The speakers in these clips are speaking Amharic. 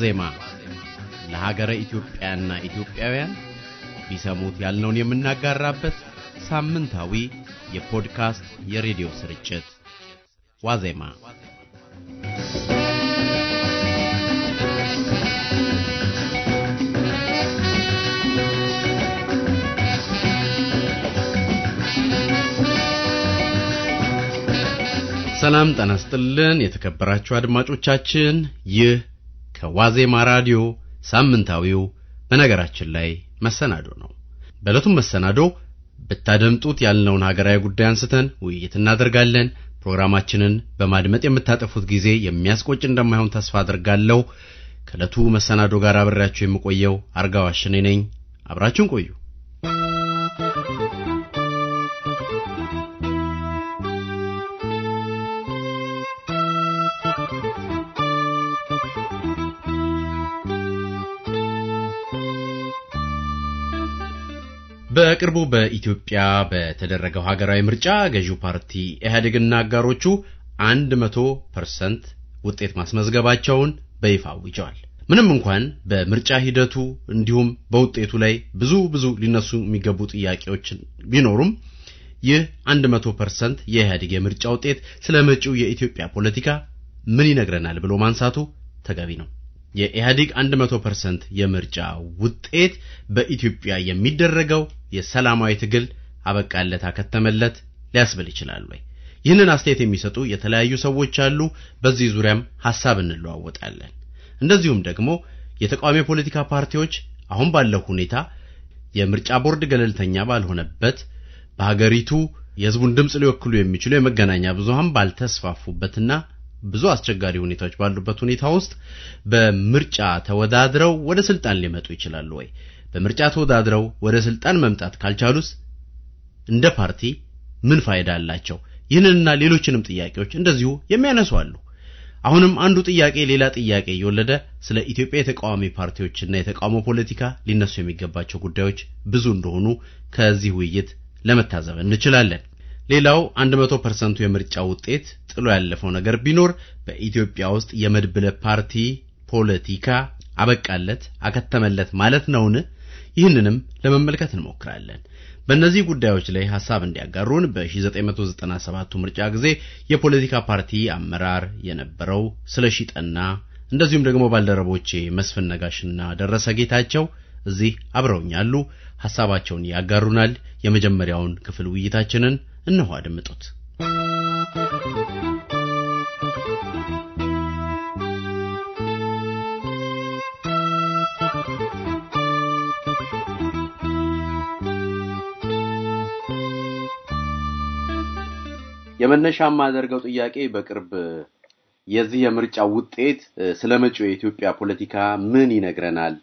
ዋዜማ ለሀገረ ኢትዮጵያና ኢትዮጵያውያን ቢሰሙት ያልነውን የምናጋራበት ሳምንታዊ የፖድካስት የሬዲዮ ስርጭት ዋዜማ ሰላም ጠናስጥልን የተከበራችሁ አድማጮቻችን ይህ ከዋዜማ ራዲዮ ሳምንታዊው በነገራችን ላይ መሰናዶ ነው። በዕለቱም መሰናዶ ብታደምጡት ያልነውን ሀገራዊ ጉዳይ አንስተን ውይይት እናደርጋለን። ፕሮግራማችንን በማድመጥ የምታጠፉት ጊዜ የሚያስቆጭ እንደማይሆን ተስፋ አድርጋለሁ። ከዕለቱ መሰናዶ ጋር አብሬያችሁ የምቆየው አርጋዋሽኔ ነኝ። አብራችሁን ቆዩ። በቅርቡ በኢትዮጵያ በተደረገው ሀገራዊ ምርጫ ገዢው ፓርቲ ኢህአዴግና አጋሮቹ 100 ፐርሰንት ውጤት ማስመዝገባቸውን በይፋ አውጀዋል። ምንም እንኳን በምርጫ ሂደቱ እንዲሁም በውጤቱ ላይ ብዙ ብዙ ሊነሱ የሚገቡ ጥያቄዎችን ቢኖሩም ይህ 100 ፐርሰንት የኢህአዴግ የምርጫ ውጤት ስለ መጪው የኢትዮጵያ ፖለቲካ ምን ይነግረናል ብሎ ማንሳቱ ተገቢ ነው። የኢህአዴግ 100% የምርጫ ውጤት በኢትዮጵያ የሚደረገው የሰላማዊ ትግል አበቃለት፣ አከተመለት ሊያስብል ይችላል ወይ? ይህንን አስተያየት የሚሰጡ የተለያዩ ሰዎች አሉ። በዚህ ዙሪያም ሐሳብ እንለዋወጣለን። እንደዚሁም ደግሞ የተቃዋሚ የፖለቲካ ፓርቲዎች አሁን ባለው ሁኔታ የምርጫ ቦርድ ገለልተኛ ባልሆነበት በሀገሪቱ የህዝቡን ድምፅ ሊወክሉ የሚችሉ የመገናኛ ብዙሃን ባልተስፋፉበትና ብዙ አስቸጋሪ ሁኔታዎች ባሉበት ሁኔታ ውስጥ በምርጫ ተወዳድረው ወደ ስልጣን ሊመጡ ይችላሉ ወይ? በምርጫ ተወዳድረው ወደ ስልጣን መምጣት ካልቻሉስ እንደ ፓርቲ ምን ፋይዳ አላቸው? ይህንንና ሌሎችንም ጥያቄዎች እንደዚሁ የሚያነሱ አሉ። አሁንም አንዱ ጥያቄ ሌላ ጥያቄ እየወለደ ስለ ኢትዮጵያ የተቃዋሚ ፓርቲዎችና የተቃውሞ ፖለቲካ ሊነሱ የሚገባቸው ጉዳዮች ብዙ እንደሆኑ ከዚህ ውይይት ለመታዘብ እንችላለን። ሌላው 100 ፐርሰንቱ የምርጫ ውጤት ጥሎ ያለፈው ነገር ቢኖር በኢትዮጵያ ውስጥ የመድብለ ፓርቲ ፖለቲካ አበቃለት አከተመለት ማለት ነውን? ይህንንም ለመመልከት እንሞክራለን። በእነዚህ ጉዳዮች ላይ ሐሳብ እንዲያጋሩን በ1997 ምርጫ ጊዜ የፖለቲካ ፓርቲ አመራር የነበረው ስለሺ ጠና እንደዚሁም ደግሞ ባልደረቦቼ መስፍን ነጋሽና ደረሰ ጌታቸው እዚህ አብረውኛሉ። ሐሳባቸውን ያጋሩናል። የመጀመሪያውን ክፍል ውይይታችንን እነሆ አድምጡት። የመነሻ የማደርገው ጥያቄ በቅርብ የዚህ የምርጫ ውጤት ስለ መጪው የኢትዮጵያ ፖለቲካ ምን ይነግረናል?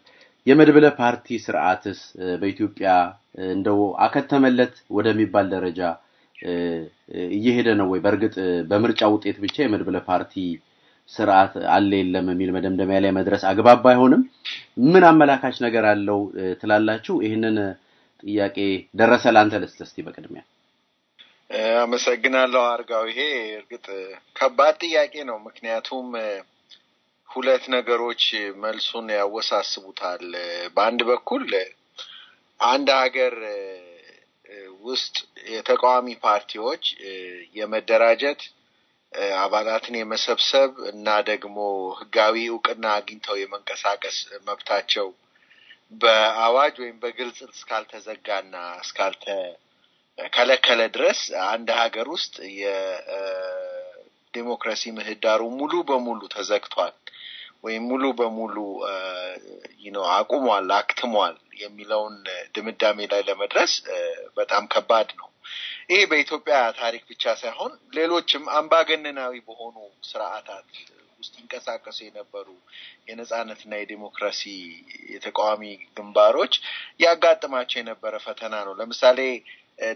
የመድብለ ፓርቲ ስርዓትስ በኢትዮጵያ እንደው አከተመለት ወደሚባል ደረጃ እየሄደ ነው ወይ? በእርግጥ በምርጫ ውጤት ብቻ የመድብለ ፓርቲ ስርዓት አለ የለም የሚል መደምደሚያ ላይ መድረስ አግባብ አይሆንም ምን አመላካች ነገር አለው ትላላችሁ? ይህንን ጥያቄ ደረሰ ላንተ ልስጥ እስቲ በቅድሚያ። አመሰግናለሁ አርጋው። ይሄ እርግጥ ከባድ ጥያቄ ነው። ምክንያቱም ሁለት ነገሮች መልሱን ያወሳስቡታል። በአንድ በኩል አንድ ሀገር ውስጥ የተቃዋሚ ፓርቲዎች የመደራጀት አባላትን የመሰብሰብ እና ደግሞ ህጋዊ እውቅና አግኝተው የመንቀሳቀስ መብታቸው በአዋጅ ወይም በግልጽ እስካልተዘጋና እስካልተከለከለ ድረስ አንድ ሀገር ውስጥ የዲሞክራሲ ምህዳሩ ሙሉ በሙሉ ተዘግቷል። ወይም ሙሉ በሙሉ አቁሟል፣ አክትሟል የሚለውን ድምዳሜ ላይ ለመድረስ በጣም ከባድ ነው። ይሄ በኢትዮጵያ ታሪክ ብቻ ሳይሆን ሌሎችም አምባገነናዊ በሆኑ ስርዓታት ውስጥ ይንቀሳቀሱ የነበሩ የነጻነትና የዲሞክራሲ የተቃዋሚ ግንባሮች ያጋጥማቸው የነበረ ፈተና ነው። ለምሳሌ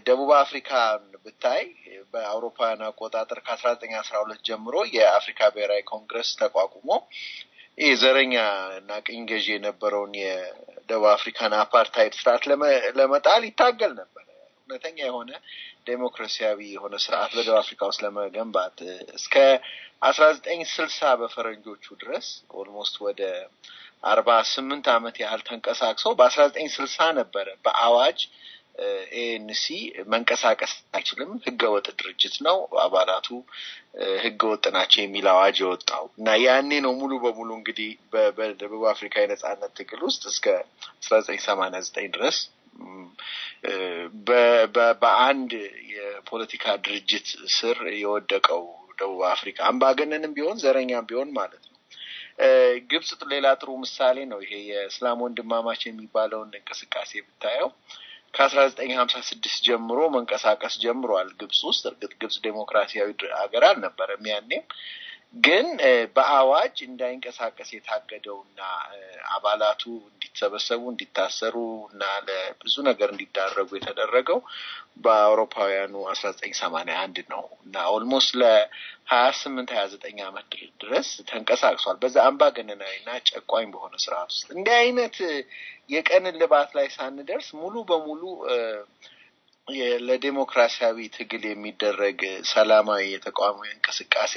ደቡብ አፍሪካን ብታይ በአውሮፓውያን አቆጣጠር ከአስራ ዘጠኝ አስራ ሁለት ጀምሮ የአፍሪካ ብሔራዊ ኮንግረስ ተቋቁሞ ይህ ዘረኛ እና ቅኝ ገዢ የነበረውን የደቡብ አፍሪካን አፓርታይድ ስርዓት ለመጣል ይታገል ነበር። እውነተኛ የሆነ ዴሞክራሲያዊ የሆነ ስርዓት በደቡብ አፍሪካ ውስጥ ለመገንባት እስከ አስራ ዘጠኝ ስልሳ በፈረንጆቹ ድረስ ኦልሞስት ወደ አርባ ስምንት ዓመት ያህል ተንቀሳቅሶ በአስራ ዘጠኝ ስልሳ ነበረ በአዋጅ ኤንሲ መንቀሳቀስ አይችልም። ህገወጥ ድርጅት ነው፣ አባላቱ ህገወጥ ናቸው የሚል አዋጅ የወጣው እና ያኔ ነው ሙሉ በሙሉ እንግዲህ በደቡብ አፍሪካ የነጻነት ትግል ውስጥ እስከ አስራ ዘጠኝ ሰማንያ ዘጠኝ ድረስ በአንድ የፖለቲካ ድርጅት ስር የወደቀው ደቡብ አፍሪካ አምባገነንም ቢሆን ዘረኛም ቢሆን ማለት ነው። ግብጽ ሌላ ጥሩ ምሳሌ ነው። ይሄ የእስላም ወንድማማች የሚባለውን እንቅስቃሴ ብታየው ከአስራ ዘጠኝ ሀምሳ ስድስት ጀምሮ መንቀሳቀስ ጀምሯል ግብጽ ውስጥ። እርግጥ ግብጽ ዴሞክራሲያዊ ሀገር አልነበረም ያኔም ግን በአዋጅ እንዳይንቀሳቀስ የታገደውና አባላቱ እንዲሰበሰቡ እንዲታሰሩ እና ለብዙ ነገር እንዲዳረጉ የተደረገው በአውሮፓውያኑ አስራ ዘጠኝ ሰማኒያ አንድ ነው እና ኦልሞስት ለሀያ ስምንት ሀያ ዘጠኝ ዓመት ድረስ ተንቀሳቅሷል። በዛ አምባገነናዊና ጨቋኝ በሆነ ስርዓት ውስጥ እንዲህ አይነት የቀን ልባት ላይ ሳንደርስ ሙሉ በሙሉ ለዴሞክራሲያዊ ትግል የሚደረግ ሰላማዊ የተቃዋሚ እንቅስቃሴ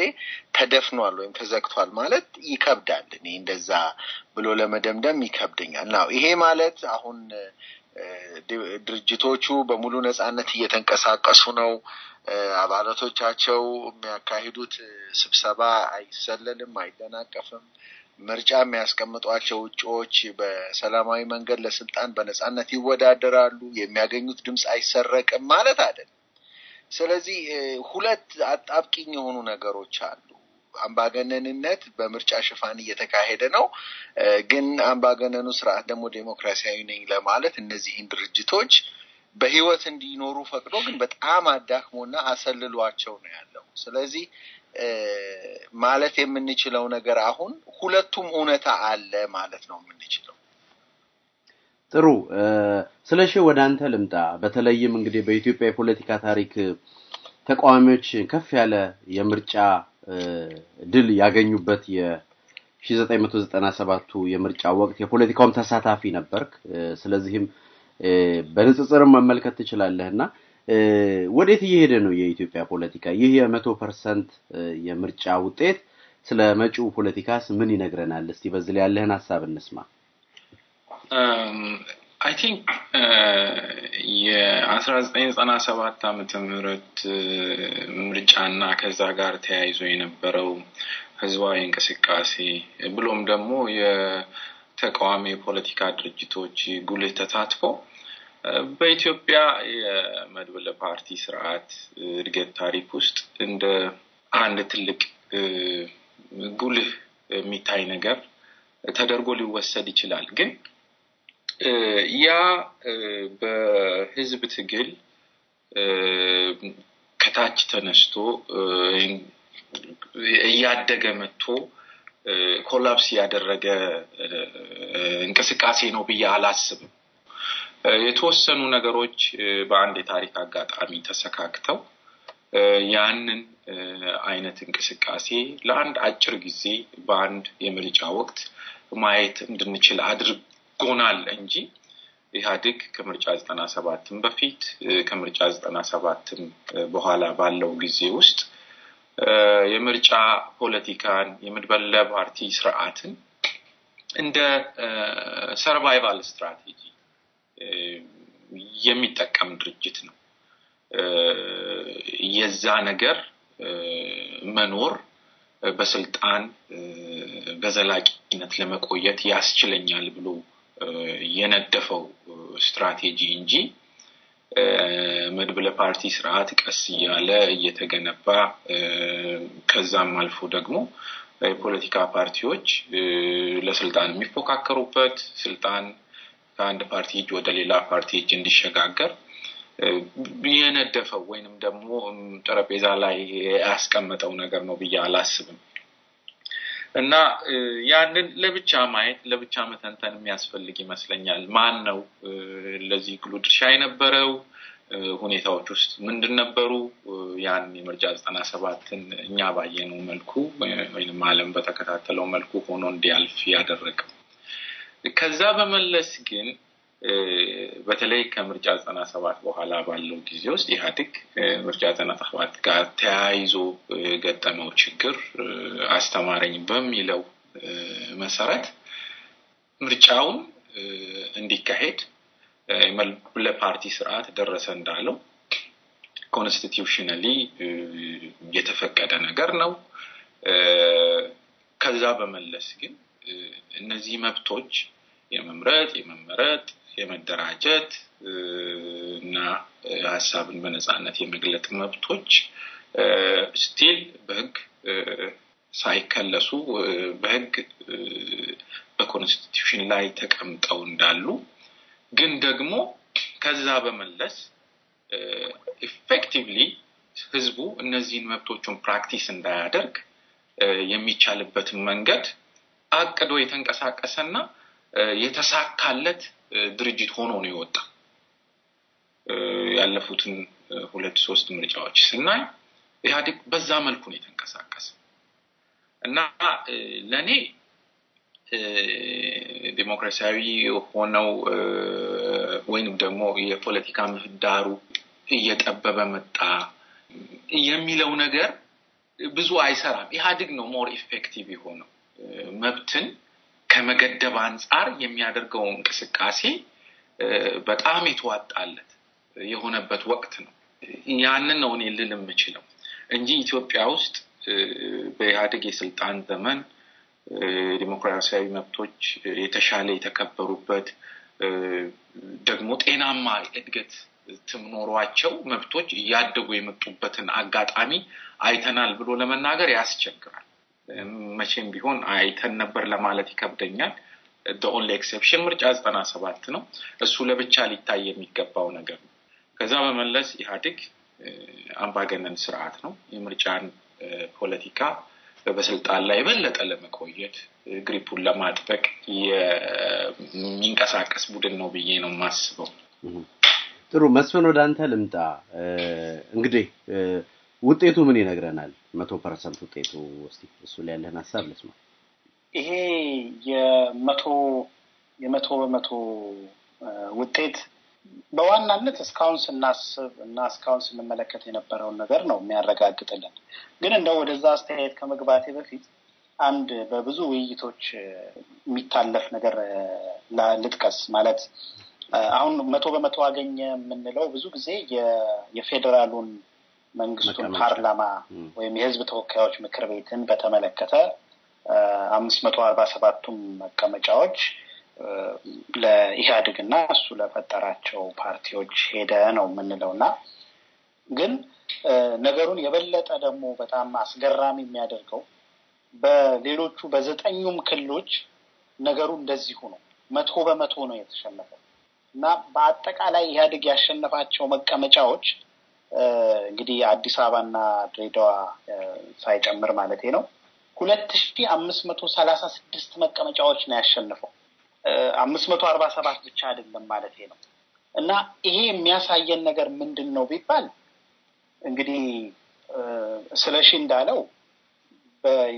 ተደፍኗል ወይም ተዘግቷል ማለት ይከብዳል። እኔ እንደዛ ብሎ ለመደምደም ይከብደኛል። ናው ይሄ ማለት አሁን ድርጅቶቹ በሙሉ ነጻነት እየተንቀሳቀሱ ነው፣ አባላቶቻቸው የሚያካሂዱት ስብሰባ አይሰለልም፣ አይደናቀፍም ምርጫ የሚያስቀምጧቸው እጩዎች በሰላማዊ መንገድ ለስልጣን በነጻነት ይወዳደራሉ፣ የሚያገኙት ድምፅ አይሰረቅም ማለት አይደለም። ስለዚህ ሁለት አጣብቂኝ የሆኑ ነገሮች አሉ። አምባገነንነት በምርጫ ሽፋን እየተካሄደ ነው፣ ግን አምባገነኑ ስርዓት ደግሞ ዴሞክራሲያዊ ነኝ ለማለት እነዚህን ድርጅቶች በህይወት እንዲኖሩ ፈቅዶ ግን በጣም አዳክሞና አሰልሏቸው ነው ያለው። ስለዚህ ማለት የምንችለው ነገር አሁን ሁለቱም እውነታ አለ ማለት ነው የምንችለው። ጥሩ ስለሺ፣ ወደ አንተ ልምጣ። በተለይም እንግዲህ በኢትዮጵያ የፖለቲካ ታሪክ ተቃዋሚዎች ከፍ ያለ የምርጫ ድል ያገኙበት የ1997ቱ የምርጫ ወቅት የፖለቲካውም ተሳታፊ ነበርክ። ስለዚህም በንጽጽርም መመልከት ትችላለህ እና ወዴት እየሄደ ነው የኢትዮጵያ ፖለቲካ? ይህ የመቶ ፐርሰንት የምርጫ ውጤት ስለ መጪው ፖለቲካስ ምን ይነግረናል? እስቲ በዚህ ላይ ያለህን ሀሳብ እንስማ። አይ ቲንክ የአስራ ዘጠኝ ዘጠና ሰባት ዓመተ ምህረት ምርጫና ከዛ ጋር ተያይዞ የነበረው ህዝባዊ እንቅስቃሴ ብሎም ደግሞ የተቃዋሚ የፖለቲካ ድርጅቶች ጉልህ ተሳትፎ በኢትዮጵያ የመድበለ ፓርቲ ስርዓት እድገት ታሪክ ውስጥ እንደ አንድ ትልቅ ጉልህ የሚታይ ነገር ተደርጎ ሊወሰድ ይችላል። ግን ያ በህዝብ ትግል ከታች ተነስቶ እያደገ መጥቶ ኮላፕስ ያደረገ እንቅስቃሴ ነው ብዬ አላስብም። የተወሰኑ ነገሮች በአንድ የታሪክ አጋጣሚ ተሰካክተው ያንን አይነት እንቅስቃሴ ለአንድ አጭር ጊዜ በአንድ የምርጫ ወቅት ማየት እንድንችል አድርጎናል እንጂ ኢህአዴግ ከምርጫ ዘጠና ሰባትም በፊት ከምርጫ ዘጠና ሰባትም በኋላ ባለው ጊዜ ውስጥ የምርጫ ፖለቲካን የምድበለ ፓርቲ ስርዓትን እንደ ሰርቫይቫል ስትራቴጂ የሚጠቀም ድርጅት ነው። የዛ ነገር መኖር በስልጣን በዘላቂነት ለመቆየት ያስችለኛል ብሎ የነደፈው ስትራቴጂ እንጂ መድብለ ፓርቲ ስርዓት ቀስ እያለ እየተገነባ ከዛም አልፎ ደግሞ የፖለቲካ ፓርቲዎች ለስልጣን የሚፎካከሩበት ስልጣን ከአንድ ፓርቲ እጅ ወደ ሌላ ፓርቲ እጅ እንዲሸጋገር የነደፈው ወይንም ደግሞ ጠረጴዛ ላይ ያስቀመጠው ነገር ነው ብዬ አላስብም። እና ያንን ለብቻ ማየት ለብቻ መተንተን የሚያስፈልግ ይመስለኛል። ማን ነው ለዚህ ግሉ ድርሻ የነበረው? ሁኔታዎች ውስጥ ምንድን ነበሩ? ያን የምርጫ ዘጠና ሰባትን እኛ ባየነው መልኩ ወይም አለም በተከታተለው መልኩ ሆኖ እንዲያልፍ ያደረገው ከዛ በመለስ ግን በተለይ ከምርጫ ዘጠና ሰባት በኋላ ባለው ጊዜ ውስጥ ኢህአዴግ ምርጫ ዘጠና ሰባት ጋር ተያይዞ ገጠመው ችግር አስተማረኝ በሚለው መሰረት ምርጫውን እንዲካሄድ ለፓርቲ ስርዓት ደረሰ እንዳለው ኮንስቲትዩሽናሊ የተፈቀደ ነገር ነው። ከዛ በመለስ ግን እነዚህ መብቶች የመምረጥ የመመረጥ የመደራጀት እና ሀሳብን በነፃነት የመግለጥ መብቶች ስቲል በህግ ሳይከለሱ በህግ በኮንስቲቱሽን ላይ ተቀምጠው እንዳሉ ግን ደግሞ ከዛ በመለስ ኢፌክቲቭሊ ህዝቡ እነዚህን መብቶቹን ፕራክቲስ እንዳያደርግ የሚቻልበትን መንገድ አቅዶ የተንቀሳቀሰና የተሳካለት ድርጅት ሆኖ ነው የወጣ። ያለፉትን ሁለት ሶስት ምርጫዎች ስናይ ኢህአዴግ በዛ መልኩ ነው የተንቀሳቀሰ እና ለእኔ ዲሞክራሲያዊ ሆነው ወይንም ደግሞ የፖለቲካ ምህዳሩ እየጠበበ መጣ የሚለው ነገር ብዙ አይሰራም። ኢህአዴግ ነው ሞር ኢፌክቲቭ የሆነው መብትን ከመገደብ አንጻር የሚያደርገው እንቅስቃሴ በጣም የተዋጣለት የሆነበት ወቅት ነው። ያንን ነው እኔ ልል የምችለው እንጂ ኢትዮጵያ ውስጥ በኢህአዴግ የስልጣን ዘመን ዲሞክራሲያዊ መብቶች የተሻለ የተከበሩበት ደግሞ ጤናማ እድገት ትምኖሯቸው መብቶች እያደጉ የመጡበትን አጋጣሚ አይተናል ብሎ ለመናገር ያስቸግራል። መቼም ቢሆን አይተን ነበር ለማለት ይከብደኛል። ኦንሊ ኤክሴፕሽን ምርጫ ዘጠና ሰባት ነው። እሱ ለብቻ ሊታይ የሚገባው ነገር ነው። ከዛ በመለስ ኢህአዴግ አምባገነን ስርዓት ነው። የምርጫን ፖለቲካ በስልጣን ላይ የበለጠ ለመቆየት ግሪፑን ለማጥበቅ የሚንቀሳቀስ ቡድን ነው ብዬ ነው የማስበው። ጥሩ መስፍን፣ ወደ አንተ ልምጣ እንግዲህ ውጤቱ ምን ይነግረናል? መቶ ፐርሰንት ውጤቱ እስቲ እሱ ላይ ያለህን ሀሳብ ልስማ። ይሄ የመቶ የመቶ በመቶ ውጤት በዋናነት እስካሁን ስናስብ እና እስካሁን ስንመለከት የነበረውን ነገር ነው የሚያረጋግጥልን። ግን እንደው ወደዛ አስተያየት ከመግባቴ በፊት አንድ በብዙ ውይይቶች የሚታለፍ ነገር ልጥቀስ። ማለት አሁን መቶ በመቶ አገኘ የምንለው ብዙ ጊዜ የፌዴራሉን መንግስቱን ፓርላማ ወይም የህዝብ ተወካዮች ምክር ቤትን በተመለከተ አምስት መቶ አርባ ሰባቱም መቀመጫዎች ለኢህአዴግ እና እሱ ለፈጠራቸው ፓርቲዎች ሄደ ነው የምንለው እና ግን ነገሩን የበለጠ ደግሞ በጣም አስገራሚ የሚያደርገው በሌሎቹ በዘጠኙም ክልሎች ነገሩ እንደዚሁ ነው። መቶ በመቶ ነው የተሸነፈው እና በአጠቃላይ ኢህአዴግ ያሸነፋቸው መቀመጫዎች እንግዲህ አዲስ አበባና ድሬዳዋ ሳይጨምር ማለት ነው ሁለት ሺ አምስት መቶ ሰላሳ ስድስት መቀመጫዎች ነው ያሸንፈው። አምስት መቶ አርባ ሰባት ብቻ አይደለም ማለት ነው። እና ይሄ የሚያሳየን ነገር ምንድን ነው ቢባል እንግዲህ ስለሺ እንዳለው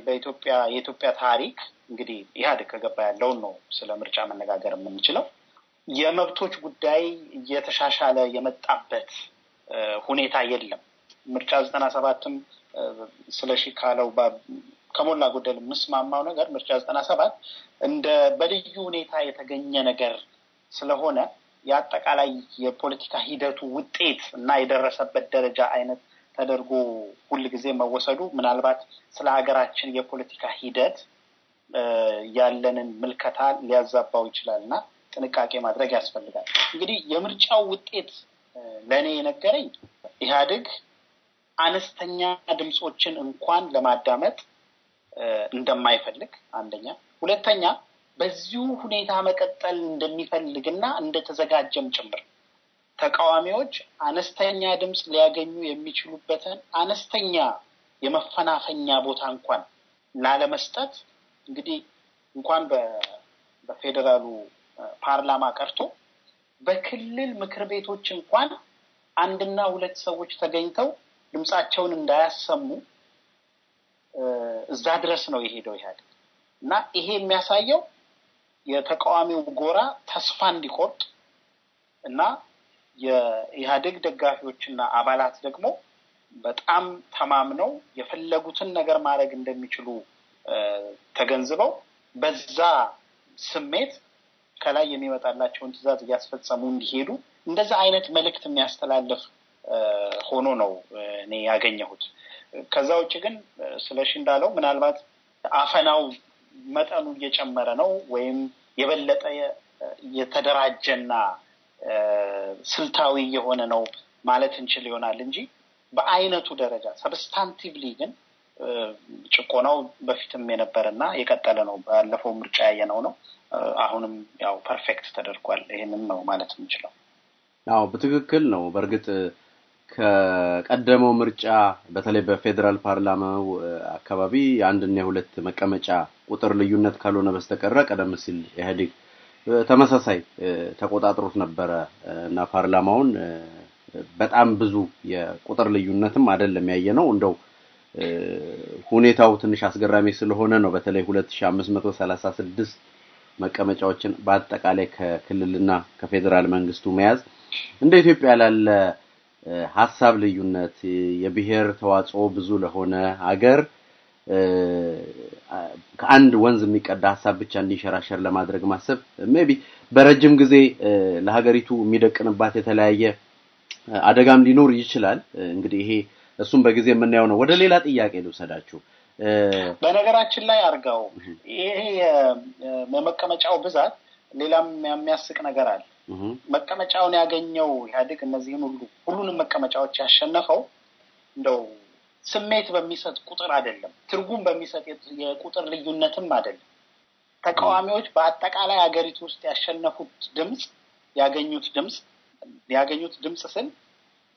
በኢትዮጵያ የኢትዮጵያ ታሪክ እንግዲህ ኢህአዴግ ከገባ ያለውን ነው ስለ ምርጫ መነጋገር የምንችለው የመብቶች ጉዳይ እየተሻሻለ የመጣበት ሁኔታ የለም። ምርጫ ዘጠና ሰባትም ስለሺ ካለው ከሞላ ጎደል የምስማማው ነገር ምርጫ ዘጠና ሰባት እንደ በልዩ ሁኔታ የተገኘ ነገር ስለሆነ የአጠቃላይ የፖለቲካ ሂደቱ ውጤት እና የደረሰበት ደረጃ አይነት ተደርጎ ሁል ጊዜ መወሰዱ ምናልባት ስለ ሀገራችን የፖለቲካ ሂደት ያለንን ምልከታ ሊያዛባው ይችላል እና ጥንቃቄ ማድረግ ያስፈልጋል። እንግዲህ የምርጫው ውጤት ለእኔ የነገረኝ ኢህአዴግ አነስተኛ ድምፆችን እንኳን ለማዳመጥ እንደማይፈልግ አንደኛ፣ ሁለተኛ በዚሁ ሁኔታ መቀጠል እንደሚፈልግና እንደተዘጋጀም ጭምር ተቃዋሚዎች አነስተኛ ድምፅ ሊያገኙ የሚችሉበትን አነስተኛ የመፈናፈኛ ቦታ እንኳን ላለመስጠት እንግዲህ እንኳን በፌዴራሉ ፓርላማ ቀርቶ በክልል ምክር ቤቶች እንኳን አንድና ሁለት ሰዎች ተገኝተው ድምፃቸውን እንዳያሰሙ እዛ ድረስ ነው የሄደው ኢህአዴግ እና ይሄ የሚያሳየው የተቃዋሚው ጎራ ተስፋ እንዲቆርጥ እና የኢህአዴግ ደጋፊዎችና አባላት ደግሞ በጣም ተማምነው የፈለጉትን ነገር ማድረግ እንደሚችሉ ተገንዝበው በዛ ስሜት ከላይ የሚመጣላቸውን ትዕዛዝ እያስፈጸሙ እንዲሄዱ እንደዛ አይነት መልእክት የሚያስተላልፍ ሆኖ ነው እኔ ያገኘሁት። ከዛ ውጭ ግን ስለሽ እንዳለው ምናልባት አፈናው መጠኑ እየጨመረ ነው ወይም የበለጠ የተደራጀና ስልታዊ የሆነ ነው ማለት እንችል ይሆናል እንጂ በአይነቱ ደረጃ ሰብስታንቲቭሊ ግን ጭቆናው በፊትም የነበረና የቀጠለ ነው። ባለፈው ምርጫ ያየነው ነው። አሁንም ያው ፐርፌክት ተደርጓል። ይህንን ነው ማለት የምችለው። አዎ በትክክል ነው። በእርግጥ ከቀደመው ምርጫ በተለይ በፌዴራል ፓርላማው አካባቢ የአንድና የሁለት መቀመጫ ቁጥር ልዩነት ካልሆነ በስተቀረ ቀደም ሲል ኢህአዴግ ተመሳሳይ ተቆጣጥሮት ነበረ እና ፓርላማውን በጣም ብዙ የቁጥር ልዩነትም አይደለም ያየ ነው እንደው ሁኔታው ትንሽ አስገራሚ ስለሆነ ነው። በተለይ 2536 መቀመጫዎችን በአጠቃላይ ከክልልና ከፌዴራል መንግስቱ መያዝ እንደ ኢትዮጵያ ላለ ሀሳብ ልዩነት የብሔር ተዋጽኦ ብዙ ለሆነ ሀገር ከአንድ ወንዝ የሚቀዳ ሀሳብ ብቻ እንዲሸራሸር ለማድረግ ማሰብ ቢ በረጅም ጊዜ ለሀገሪቱ የሚደቅንባት የተለያየ አደጋም ሊኖር ይችላል። እንግዲህ ይሄ እሱም በጊዜ የምናየው ነው። ወደ ሌላ ጥያቄ ልውሰዳችሁ። በነገራችን ላይ አርገው ይሄ የመቀመጫው ብዛት ሌላም የሚያስቅ ነገር አለ። መቀመጫውን ያገኘው ኢህአዴግ እነዚህን ሁሉ ሁሉንም መቀመጫዎች ያሸነፈው እንደው ስሜት በሚሰጥ ቁጥር አይደለም፣ ትርጉም በሚሰጥ የቁጥር ልዩነትም አይደለም። ተቃዋሚዎች በአጠቃላይ ሀገሪቱ ውስጥ ያሸነፉት ድምፅ ያገኙት ድምፅ ያገኙት ድምፅ ስል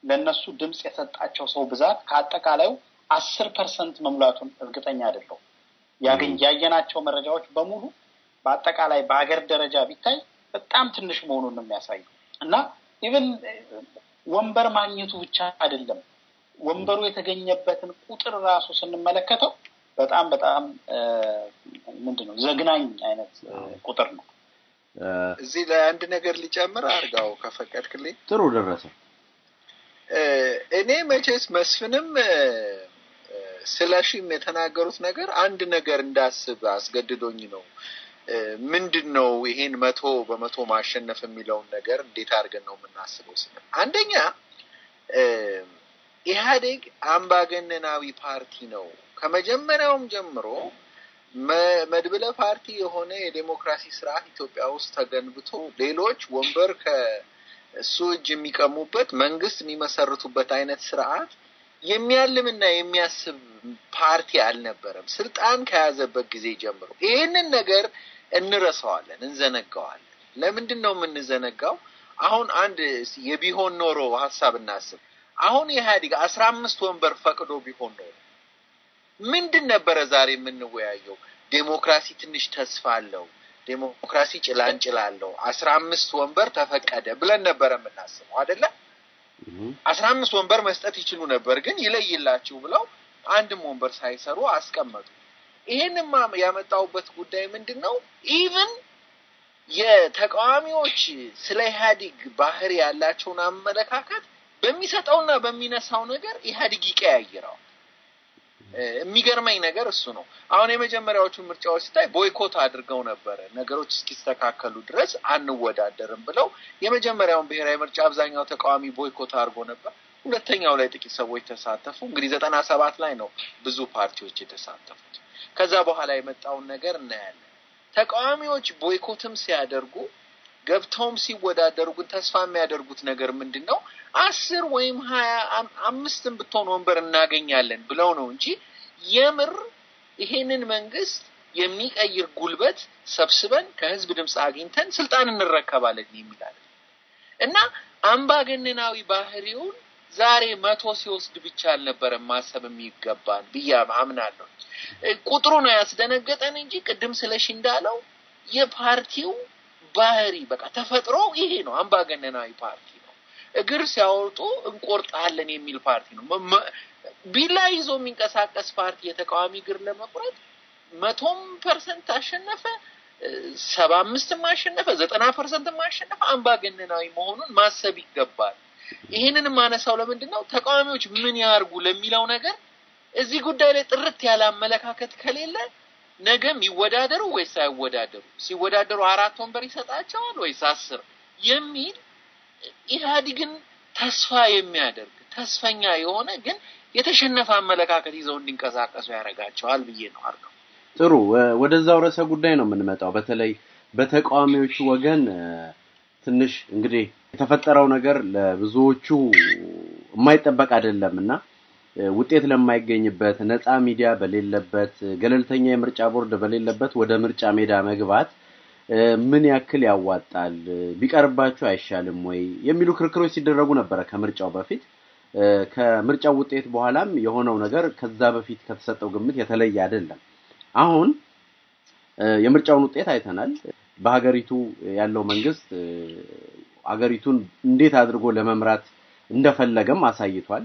ለእነሱ ድምፅ የሰጣቸው ሰው ብዛት ከአጠቃላዩ አስር ፐርሰንት መሙላቱን እርግጠኛ አይደለሁ። ያየናቸው መረጃዎች በሙሉ በአጠቃላይ በሀገር ደረጃ ቢታይ በጣም ትንሽ መሆኑን ነው የሚያሳዩ እና ኢቨን ወንበር ማግኘቱ ብቻ አይደለም ወንበሩ የተገኘበትን ቁጥር ራሱ ስንመለከተው በጣም በጣም ምንድን ነው ዘግናኝ አይነት ቁጥር ነው። እዚህ ላይ አንድ ነገር ሊጨምር አርጋው ከፈቀድክልኝ። ጥሩ ደረሰ። እኔ መቼስ መስፍንም ስለ ሺም የተናገሩት ነገር አንድ ነገር እንዳስብ አስገድዶኝ ነው። ምንድን ነው ይሄን መቶ በመቶ ማሸነፍ የሚለውን ነገር እንዴት አድርገን ነው የምናስበው? ስለ አንደኛ ኢህአዴግ አምባገነናዊ ፓርቲ ነው። ከመጀመሪያውም ጀምሮ መድብለ ፓርቲ የሆነ የዴሞክራሲ ስርዓት ኢትዮጵያ ውስጥ ተገንብቶ ሌሎች ወንበር ከእሱ እጅ የሚቀሙበት መንግስት የሚመሰርቱበት አይነት ስርዓት የሚያልምና የሚያስብ ፓርቲ አልነበረም ስልጣን ከያዘበት ጊዜ ጀምሮ። ይህንን ነገር እንረሳዋለን፣ እንዘነጋዋለን። ለምንድን ነው የምንዘነጋው? አሁን አንድ የቢሆን ኖሮ ሀሳብ እናስብ። አሁን የኢህአዴግ አስራ አምስት ወንበር ፈቅዶ ቢሆን ኖሮ ምንድን ነበረ ዛሬ የምንወያየው? ዴሞክራሲ ትንሽ ተስፋ አለው፣ ዴሞክራሲ ጭላንጭላ አለው፣ አስራ አምስት ወንበር ተፈቀደ ብለን ነበረ የምናስበው አደለም አስራ አምስት ወንበር መስጠት ይችሉ ነበር፣ ግን ይለይላችሁ ብለው አንድም ወንበር ሳይሰሩ አስቀመጡ። ይሄንን ያመጣውበት ጉዳይ ምንድን ነው? ኢቭን የተቃዋሚዎች ስለ ኢህአዴግ ባህሪ ያላቸውን አመለካከት በሚሰጠውና በሚነሳው ነገር ኢህአዴግ ይቀያይረዋል። የሚገርመኝ ነገር እሱ ነው። አሁን የመጀመሪያዎቹ ምርጫዎች ስታይ ቦይኮት አድርገው ነበረ። ነገሮች እስኪስተካከሉ ድረስ አንወዳደርም ብለው የመጀመሪያውን ብሔራዊ ምርጫ አብዛኛው ተቃዋሚ ቦይኮት አድርጎ ነበር። ሁለተኛው ላይ ጥቂት ሰዎች ተሳተፉ። እንግዲህ ዘጠና ሰባት ላይ ነው ብዙ ፓርቲዎች የተሳተፉት። ከዛ በኋላ የመጣውን ነገር እናያለን። ተቃዋሚዎች ቦይኮትም ሲያደርጉ ገብተውም ሲወዳደሩ ተስፋ የሚያደርጉት ነገር ምንድን ነው? አስር ወይም ሀያ አምስትን ብትሆን ወንበር እናገኛለን ብለው ነው እንጂ የምር ይሄንን መንግስት የሚቀይር ጉልበት ሰብስበን ከህዝብ ድምፅ አግኝተን ስልጣን እንረከባለን የሚላለን እና አምባገነናዊ ባህሪውን ዛሬ መቶ ሲወስድ ብቻ አልነበረም ማሰብ የሚገባል ብያ አምናለሁ። ቁጥሩ ነው ያስደነገጠን እንጂ ቅድም ስለሽ እንዳለው የፓርቲው ባህሪ በቃ ተፈጥሮ ይሄ ነው። አምባገነናዊ ፓርቲ ነው። እግር ሲያወጡ እንቆርጣለን የሚል ፓርቲ ነው። ቢላ ይዞ የሚንቀሳቀስ ፓርቲ የተቃዋሚ እግር ለመቁረጥ መቶም ፐርሰንት አሸነፈ ሰባ አምስትም አሸነፈ ዘጠና ፐርሰንትም አሸነፈ አምባገነናዊ መሆኑን ማሰብ ይገባል። ይሄንን ማነሳው ለምንድን ነው ተቃዋሚዎች ምን ያርጉ ለሚለው ነገር እዚህ ጉዳይ ላይ ጥርት ያለ አመለካከት ከሌለ ነገም ይወዳደሩ ወይስ አይወዳደሩ፣ ሲወዳደሩ አራት ወንበር ይሰጣቸዋል ወይስ አስር የሚል ኢህአዲግን ተስፋ የሚያደርግ ተስፈኛ የሆነ ግን የተሸነፈ አመለካከት ይዘው እንዲንቀሳቀሱ ያደርጋቸዋል ብዬ ነው አርገው ጥሩ ወደዛው ርዕሰ ጉዳይ ነው የምንመጣው። በተለይ በተቃዋሚዎቹ ወገን ትንሽ እንግዲህ የተፈጠረው ነገር ለብዙዎቹ የማይጠበቅ አይደለም እና ውጤት ለማይገኝበት ነፃ ሚዲያ በሌለበት ገለልተኛ የምርጫ ቦርድ በሌለበት ወደ ምርጫ ሜዳ መግባት ምን ያክል ያዋጣል፣ ቢቀርባችሁ አይሻልም ወይ የሚሉ ክርክሮች ሲደረጉ ነበረ ከምርጫው በፊት። ከምርጫው ውጤት በኋላም የሆነው ነገር ከዛ በፊት ከተሰጠው ግምት የተለየ አይደለም። አሁን የምርጫውን ውጤት አይተናል። በሀገሪቱ ያለው መንግስት አገሪቱን እንዴት አድርጎ ለመምራት እንደፈለገም አሳይቷል።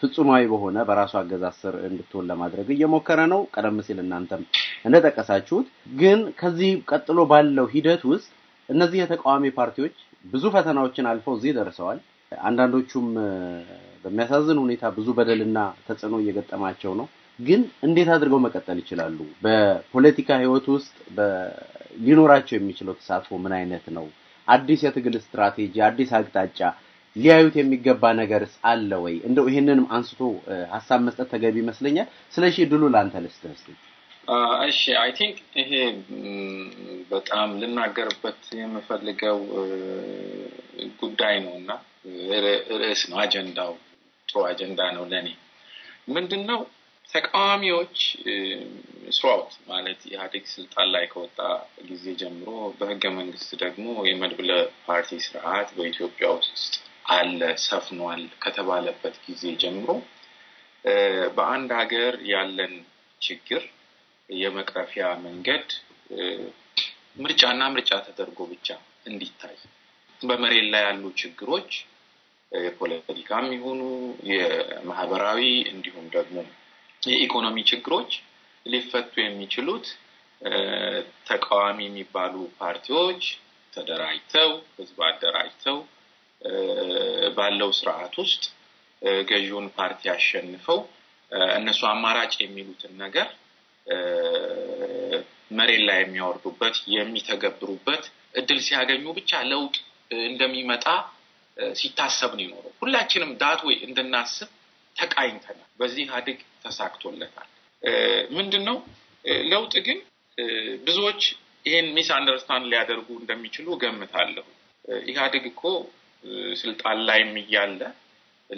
ፍጹማዊ በሆነ በራሱ አገዛዝ ስር እንድትሆን ለማድረግ እየሞከረ ነው። ቀደም ሲል እናንተም እንደጠቀሳችሁት፣ ግን ከዚህ ቀጥሎ ባለው ሂደት ውስጥ እነዚህ የተቃዋሚ ፓርቲዎች ብዙ ፈተናዎችን አልፈው እዚህ ደርሰዋል። አንዳንዶቹም በሚያሳዝን ሁኔታ ብዙ በደልና ተጽዕኖ እየገጠማቸው ነው። ግን እንዴት አድርገው መቀጠል ይችላሉ? በፖለቲካ ሕይወት ውስጥ ሊኖራቸው የሚችለው ተሳትፎ ምን አይነት ነው? አዲስ የትግል ስትራቴጂ፣ አዲስ አቅጣጫ ሊያዩት የሚገባ ነገርስ አለ ወይ? እንደው ይህንንም አንስቶ ሀሳብ መስጠት ተገቢ ይመስለኛል። ስለሺ ድሉ ለአንተ ልስጥ ስ እሺ አይ ቲንክ ይሄ በጣም ልናገርበት የምፈልገው ጉዳይ ነው እና ርዕስ ነው አጀንዳው ጥሩ አጀንዳ ነው ለእኔ ምንድን ነው ተቃዋሚዎች ስዋውት ማለት ኢህአዴግ ስልጣን ላይ ከወጣ ጊዜ ጀምሮ በህገ መንግስት ደግሞ የመድብለ ፓርቲ ስርዓት በኢትዮጵያ ውስጥ አለ ሰፍኗል ከተባለበት ጊዜ ጀምሮ በአንድ ሀገር ያለን ችግር የመቅረፊያ መንገድ ምርጫና ምርጫ ተደርጎ ብቻ እንዲታይ በመሬት ላይ ያሉ ችግሮች የፖለቲካም ይሁኑ የማህበራዊ እንዲሁም ደግሞ የኢኮኖሚ ችግሮች ሊፈቱ የሚችሉት ተቃዋሚ የሚባሉ ፓርቲዎች ተደራጅተው ህዝብ አደራጅተው ባለው ስርዓት ውስጥ ገዢውን ፓርቲ አሸንፈው እነሱ አማራጭ የሚሉትን ነገር መሬት ላይ የሚያወርዱበት የሚተገብሩበት እድል ሲያገኙ ብቻ ለውጥ እንደሚመጣ ሲታሰብ ነው ሁላችንም ዳት ወይ እንድናስብ ተቃኝተናል። በዚህ አድግ ተሳክቶለታል። ምንድን ነው ለውጥ ግን ብዙዎች ይህን ሚስ አንደርስታንድ ሊያደርጉ እንደሚችሉ ገምታለሁ። ኢህአዴግ እኮ ስልጣን ላይም እያለ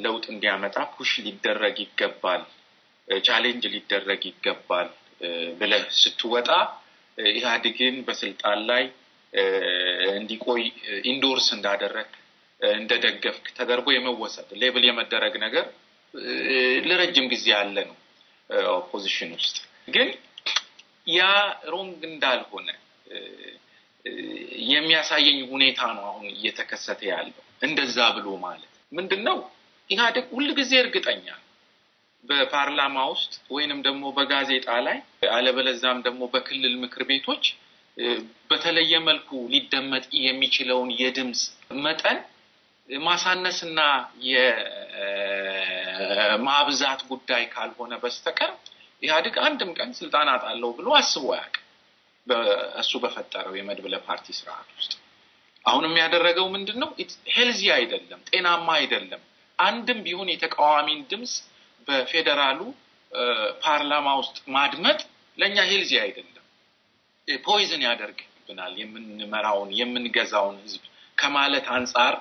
ለውጥ እንዲያመጣ ፑሽ ሊደረግ ይገባል፣ ቻሌንጅ ሊደረግ ይገባል ብለህ ስትወጣ ኢህአዴግን በስልጣን ላይ እንዲቆይ ኢንዶርስ እንዳደረግ እንደደገፍክ ተደርጎ የመወሰድ ሌብል የመደረግ ነገር ለረጅም ጊዜ ያለ ነው ኦፖዚሽን ውስጥ ግን ያ ሮንግ እንዳልሆነ የሚያሳየኝ ሁኔታ ነው አሁን እየተከሰተ ያለው። እንደዛ ብሎ ማለት ምንድን ነው? ኢህአዴግ ሁልጊዜ እርግጠኛ በፓርላማ ውስጥ ወይንም ደግሞ በጋዜጣ ላይ አለበለዛም ደግሞ በክልል ምክር ቤቶች በተለየ መልኩ ሊደመጥ የሚችለውን የድምፅ መጠን ማሳነስና ማብዛት ጉዳይ ካልሆነ በስተቀር ኢህአዴግ አንድም ቀን ስልጣን አጣለው ብሎ አስቦ ያቅ እሱ በፈጠረው የመድብለ ፓርቲ ስርዓት ውስጥ አሁን የሚያደረገው ምንድን ነው? ሄልዚ አይደለም፣ ጤናማ አይደለም። አንድም ቢሆን የተቃዋሚን ድምፅ በፌዴራሉ ፓርላማ ውስጥ ማድመጥ ለእኛ ሄልዚ አይደለም፣ ፖይዝን ያደርግብናል። የምንመራውን የምንገዛውን ህዝብ ከማለት አንጻር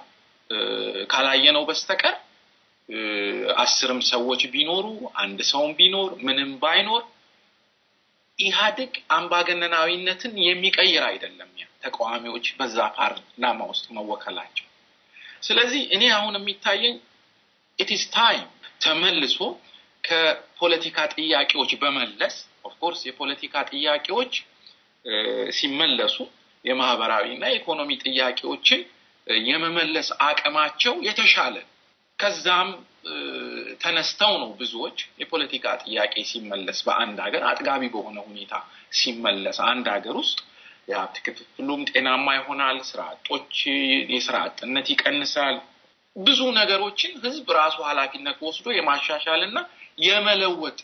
ካላየነው በስተቀር አስርም ሰዎች ቢኖሩ አንድ ሰውም ቢኖር ምንም ባይኖር ኢህአዴግ አምባገነናዊነትን የሚቀይር አይደለም። ያ ተቃዋሚዎች በዛ ፓርላማ ውስጥ መወከላቸው። ስለዚህ እኔ አሁን የሚታየኝ ኢትስ ታይም ተመልሶ ከፖለቲካ ጥያቄዎች በመለስ ኦፍኮርስ የፖለቲካ ጥያቄዎች ሲመለሱ የማህበራዊ እና የኢኮኖሚ ጥያቄዎችን የመመለስ አቅማቸው የተሻለ ከዛም ተነስተው ነው ብዙዎች የፖለቲካ ጥያቄ ሲመለስ በአንድ ሀገር አጥጋቢ በሆነ ሁኔታ ሲመለስ አንድ ሀገር ውስጥ የሀብት ክፍፍሉም ጤናማ ይሆናል። ስራ አጦች የስራ አጥነት ይቀንሳል። ብዙ ነገሮችን ህዝብ ራሱ ኃላፊነት ወስዶ የማሻሻል እና የመለወጥ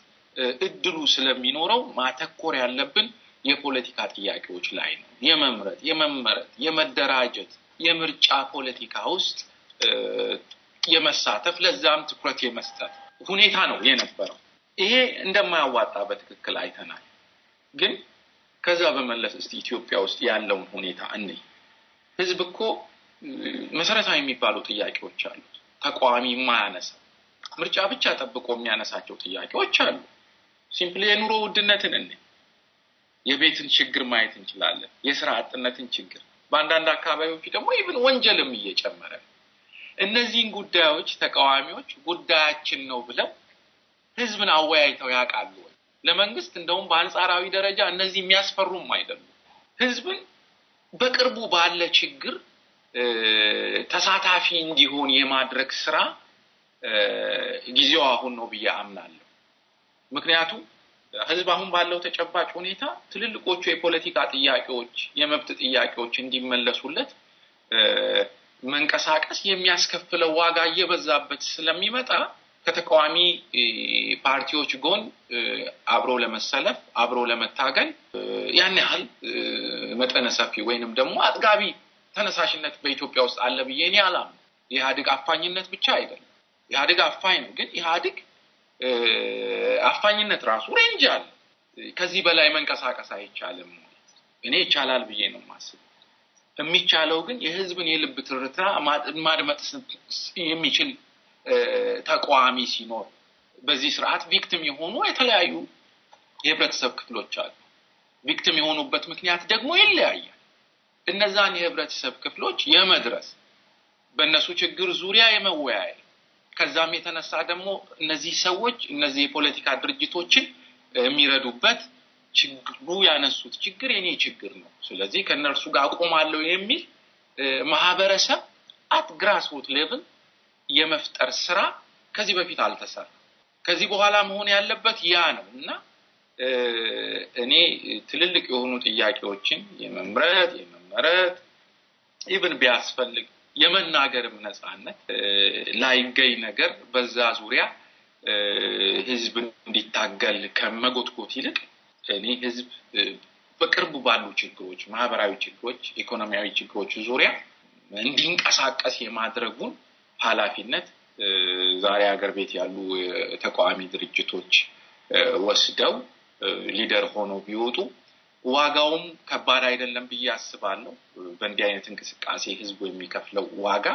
እድሉ ስለሚኖረው ማተኮር ያለብን የፖለቲካ ጥያቄዎች ላይ ነው። የመምረጥ፣ የመመረጥ፣ የመደራጀት፣ የምርጫ ፖለቲካ ውስጥ የመሳተፍ ለዛም ትኩረት የመስጠት ሁኔታ ነው የነበረው። ይሄ እንደማያዋጣ በትክክል አይተናል። ግን ከዛ በመለስ እስቲ ኢትዮጵያ ውስጥ ያለውን ሁኔታ እኔ ህዝብ እኮ መሰረታዊ የሚባሉ ጥያቄዎች አሉት። ተቃዋሚ የማያነሳ ምርጫ ብቻ ጠብቆ የሚያነሳቸው ጥያቄዎች አሉ። ሲምፕል የኑሮ ውድነትን እንይ፣ የቤትን ችግር ማየት እንችላለን፣ የስራ አጥነትን ችግር በአንዳንድ አካባቢዎች ደግሞ ይብን ወንጀልም እየጨመረ ነው። እነዚህን ጉዳዮች ተቃዋሚዎች ጉዳያችን ነው ብለው ህዝብን አወያይተው ያውቃሉ ወይ? ለመንግስት እንደውም በአንጻራዊ ደረጃ እነዚህ የሚያስፈሩም አይደሉም። ህዝብን በቅርቡ ባለ ችግር ተሳታፊ እንዲሆን የማድረግ ስራ ጊዜው አሁን ነው ብዬ አምናለሁ። ምክንያቱም ህዝብ አሁን ባለው ተጨባጭ ሁኔታ ትልልቆቹ የፖለቲካ ጥያቄዎች፣ የመብት ጥያቄዎች እንዲመለሱለት መንቀሳቀስ የሚያስከፍለው ዋጋ እየበዛበት ስለሚመጣ ከተቃዋሚ ፓርቲዎች ጎን አብሮ ለመሰለፍ አብሮ ለመታገል ያን ያህል መጠነ ሰፊ ወይንም ደግሞ አጥጋቢ ተነሳሽነት በኢትዮጵያ ውስጥ አለ ብዬ እኔ አላም። የኢህአዴግ አፋኝነት ብቻ አይደለም። ኢህአዴግ አፋኝ ነው፣ ግን ኢህአዴግ አፋኝነት ራሱ ሬንጅ አለ። ከዚህ በላይ መንቀሳቀስ አይቻልም። እኔ ይቻላል ብዬ ነው ማስብ። የሚቻለው ግን የህዝብን የልብ ትርታ ማድመጥ የሚችል ተቃዋሚ ሲኖር፣ በዚህ ስርዓት ቪክቲም የሆኑ የተለያዩ የህብረተሰብ ክፍሎች አሉ። ቪክቲም የሆኑበት ምክንያት ደግሞ ይለያያል። እነዛን የህብረተሰብ ክፍሎች የመድረስ በእነሱ ችግር ዙሪያ የመወያየት ከዛም የተነሳ ደግሞ እነዚህ ሰዎች እነዚህ የፖለቲካ ድርጅቶችን የሚረዱበት ችግሩ ያነሱት ችግር የኔ ችግር ነው፣ ስለዚህ ከእነርሱ ጋር አቆማለሁ የሚል ማህበረሰብ አት ግራስሩት ሌቭል የመፍጠር ስራ ከዚህ በፊት አልተሰራ። ከዚህ በኋላ መሆን ያለበት ያ ነው እና እኔ ትልልቅ የሆኑ ጥያቄዎችን የመምረጥ የመመረጥ ኢቭን ቢያስፈልግ የመናገርም ነፃነት ላይገኝ ነገር በዛ ዙሪያ ህዝብ እንዲታገል ከመጎትጎት ይልቅ እኔ ህዝብ በቅርቡ ባሉ ችግሮች፣ ማህበራዊ ችግሮች፣ ኢኮኖሚያዊ ችግሮች ዙሪያ እንዲንቀሳቀስ የማድረጉን ኃላፊነት ዛሬ ሀገር ቤት ያሉ ተቃዋሚ ድርጅቶች ወስደው ሊደር ሆኖ ቢወጡ ዋጋውም ከባድ አይደለም ብዬ አስባለሁ። በእንዲህ አይነት እንቅስቃሴ ህዝቡ የሚከፍለው ዋጋ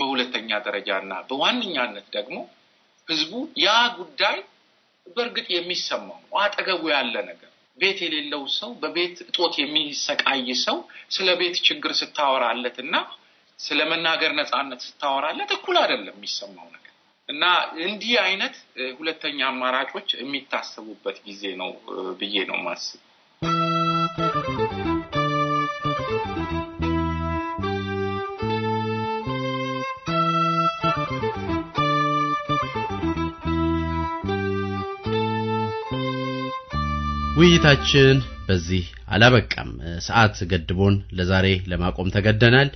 በሁለተኛ ደረጃ እና በዋነኛነት ደግሞ ህዝቡ ያ ጉዳይ በእርግጥ የሚሰማው አጠገቡ ያለ ነገር ቤት የሌለው ሰው በቤት እጦት የሚሰቃይ ሰው ስለ ቤት ችግር ስታወራለት እና ስለ መናገር ነፃነት ስታወራለት እኩል አይደለም የሚሰማው ነገር እና እንዲህ አይነት ሁለተኛ አማራጮች የሚታሰቡበት ጊዜ ነው ብዬ ነው ማስብ። ውይይታችን በዚህ አላበቃም። ሰዓት ገድቦን ለዛሬ ለማቆም ተገደናል።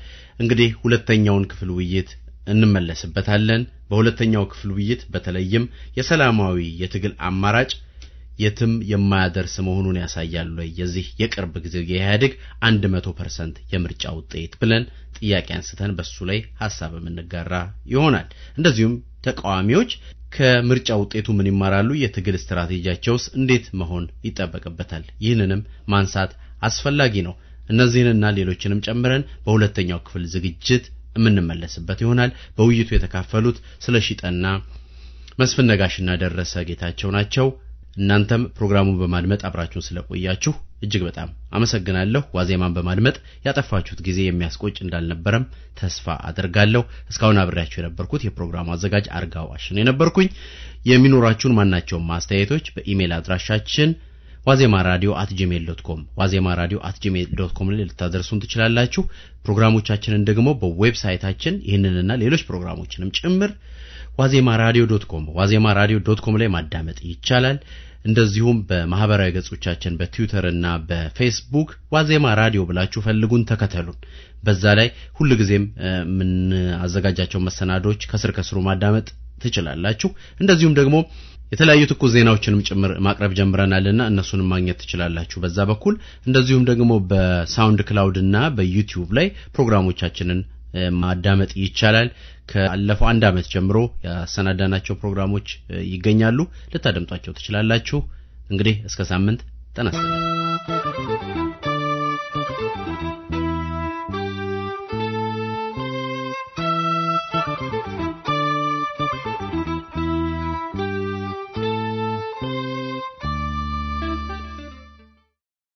እንግዲህ ሁለተኛውን ክፍል ውይይት እንመለስበታለን። በሁለተኛው ክፍል ውይይት በተለይም የሰላማዊ የትግል አማራጭ የትም የማያደርስ መሆኑን ያሳያሉ የዚህ የቅርብ ጊዜ የኢህአዴግ 100% የምርጫ ውጤት ብለን ጥያቄ አንስተን በሱ ላይ ሀሳብ የምንጋራ ይሆናል። እንደዚሁም ተቃዋሚዎች ከምርጫ ውጤቱ ምን ይማራሉ? የትግል ስትራቴጂያቸውስ እንዴት መሆን ይጠበቅበታል? ይህንንም ማንሳት አስፈላጊ ነው። እነዚህንና ሌሎችንም ጨምረን በሁለተኛው ክፍል ዝግጅት የምንመለስበት ይሆናል። በውይይቱ የተካፈሉት ስለሺ ጠና፣ መስፍን ነጋሽና ደረሰ ጌታቸው ናቸው። እናንተም ፕሮግራሙን በማድመጥ አብራችሁን ስለቆያችሁ እጅግ በጣም አመሰግናለሁ። ዋዜማን በማድመጥ ያጠፋችሁት ጊዜ የሚያስቆጭ እንዳልነበረም ተስፋ አደርጋለሁ። እስካሁን አብሬያችሁ የነበርኩት የፕሮግራሙ አዘጋጅ አርጋው አሽን የነበርኩኝ። የሚኖራችሁን ማናቸውም አስተያየቶች በኢሜይል አድራሻችን ዋዜማ ራዲዮ አት ጂሜል ዶት ኮም ዋዜማ ራዲዮ አት ጂሜል ዶት ኮም ላይ ልታደርሱን ትችላላችሁ። ፕሮግራሞቻችንን ደግሞ በዌብሳይታችን ይህንንና ሌሎች ፕሮግራሞችንም ጭምር ዋዜማ ራዲዮ ዶት ኮም ዋዜማ ራዲዮ ዶት ኮም ላይ ማዳመጥ ይቻላል። እንደዚሁም በማህበራዊ ገጾቻችን በትዊተር እና በፌስቡክ ዋዜማ ራዲዮ ብላችሁ ፈልጉን፣ ተከተሉን። በዛ ላይ ጊዜም የምናዘጋጃቸው መሰናዶች ከስር ከስሩ ማዳመጥ ትችላላችሁ። እንደዚሁም ደግሞ የተለያዩ ትኩስ ዜናዎችንም ጭምር ማቅረብ ጀምረናልና እነሱንም ማግኘት ትችላላችሁ በዛ በኩል እንደዚሁም ደግሞ በሳውንድ ክላውድ እና በዩቲዩብ ላይ ፕሮግራሞቻችንን ማዳመጥ ይቻላል። ካለፈው አንድ ዓመት ጀምሮ ያሰናዳናቸው ፕሮግራሞች ይገኛሉ። ልታደምጧቸው ትችላላችሁ። እንግዲህ እስከ ሳምንት ጤና ይስጥልኝ።